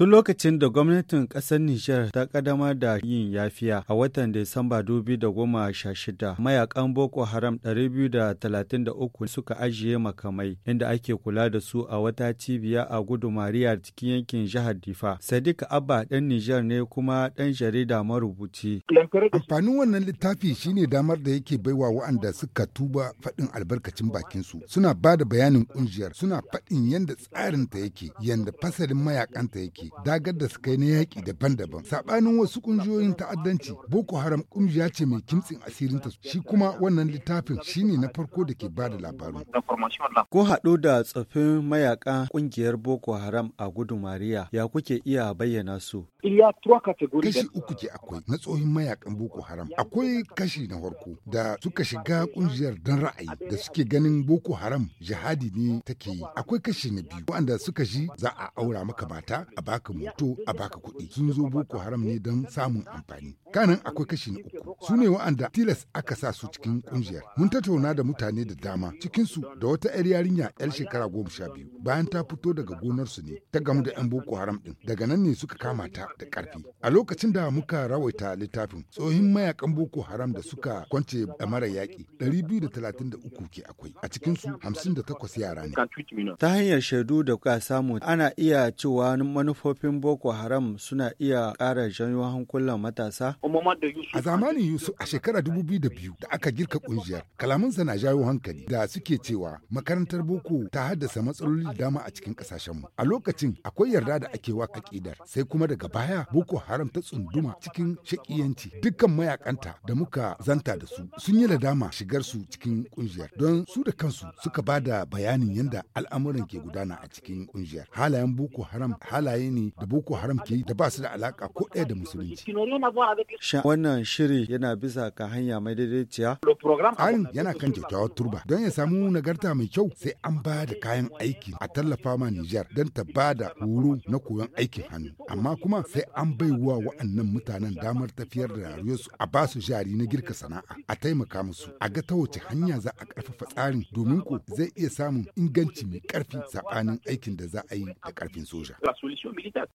Tun lokacin da gwamnatin ƙasar Nijar ta ƙaddamar da yin yafiya a watan Disamba 2016, mayakan Boko Haram 233 suka ajiye makamai inda ake kula da su a wata cibiya a gudu Mariya cikin yankin jihar Difa. Sadiq Abba ɗan Nijar ne kuma ɗan jarida marubuci. Amfanin wannan littafi shine damar da yake baiwa waɗanda suka tuba faɗin albarkacin bakinsu. Suna ba da bayanin ƙungiyar, suna faɗin yadda ta yake, yadda fasalin mayakanta yake. dagar da suka yi na yaƙi daban-daban. Saɓanin wasu ƙungiyoyin ta'addanci, Boko Haram ƙungiya ce mai kimtsin asirinta shi kuma wannan littafin shine na farko da ke ba da labaru. Ko haɗu da tsoffin mayaƙa ƙungiyar Boko Haram a gudu Mariya, ya kuke iya bayyana su? Kashi uku ke akwai na tsohin mayakan Boko Haram. Akwai kashi na farko da suka shiga ƙungiyar dan ra'ayi da suke ganin Boko Haram jihadi ne take yi. Akwai kashi na biyu wanda suka ji za a aura maka mata a baka baka moto a baka kuɗi sun zo boko haram ne don samun amfani kanan akwai kashi na uku su ne wa'anda tilas aka sa su cikin kungiyar mun tattauna da mutane da dama cikinsu da wata 'yar yarinya 'yar shekara goma sha biyu bayan ta fito daga gonarsu ne ta gamu da 'yan boko haram din daga nan ne suka kama ta da karfi a lokacin da muka rawaita littafin tsohin mayakan boko haram da suka kwance a mara yaƙi 233 ke akwai a cikinsu 58 yara ne ta hanyar shaidu da kuka samu ana iya cewa manufa manufofin Boko Haram suna iya ƙara janyo hankulan matasa? A zamanin Yusuf a shekara dubu 2002 da aka girka kungiyar, kalamansa na jawo hankali da suke cewa makarantar Boko ta haddasa matsaloli da dama a cikin ƙasashenmu. A lokacin akwai yarda da ake wa ƙaƙidar, sai kuma daga baya Boko Haram ta tsunduma cikin shaƙiyanci. Dukkan mayakanta da muka zanta da su sun yi ladama shigar su cikin kungiyar don su da kansu suka ba da bayanin yadda al'amuran ke gudana a cikin kungiyar. Halayen Boko Haram halayen ne da Boko Haram ke yi da ba su da alaka ko ɗaya da musulunci. Wannan shiri yana bisa ka hanya mai daidaiciya. Tsarin yana kan kyakkyawar turba don ya samu nagarta mai kyau sai an ba da kayan aiki a tallafa ma Nijar don ta ba da horo na koyon aikin hannu. Amma kuma sai an bai wa wa'annan mutanen damar tafiyar da rayuwarsu a ba su jari na girka sana'a a taimaka musu a ga ta wace hanya za a ƙarfafa tsarin domin ko zai iya samun inganci mai ƙarfi tsakanin aikin da za a yi da ƙarfin soja. responsabilidad.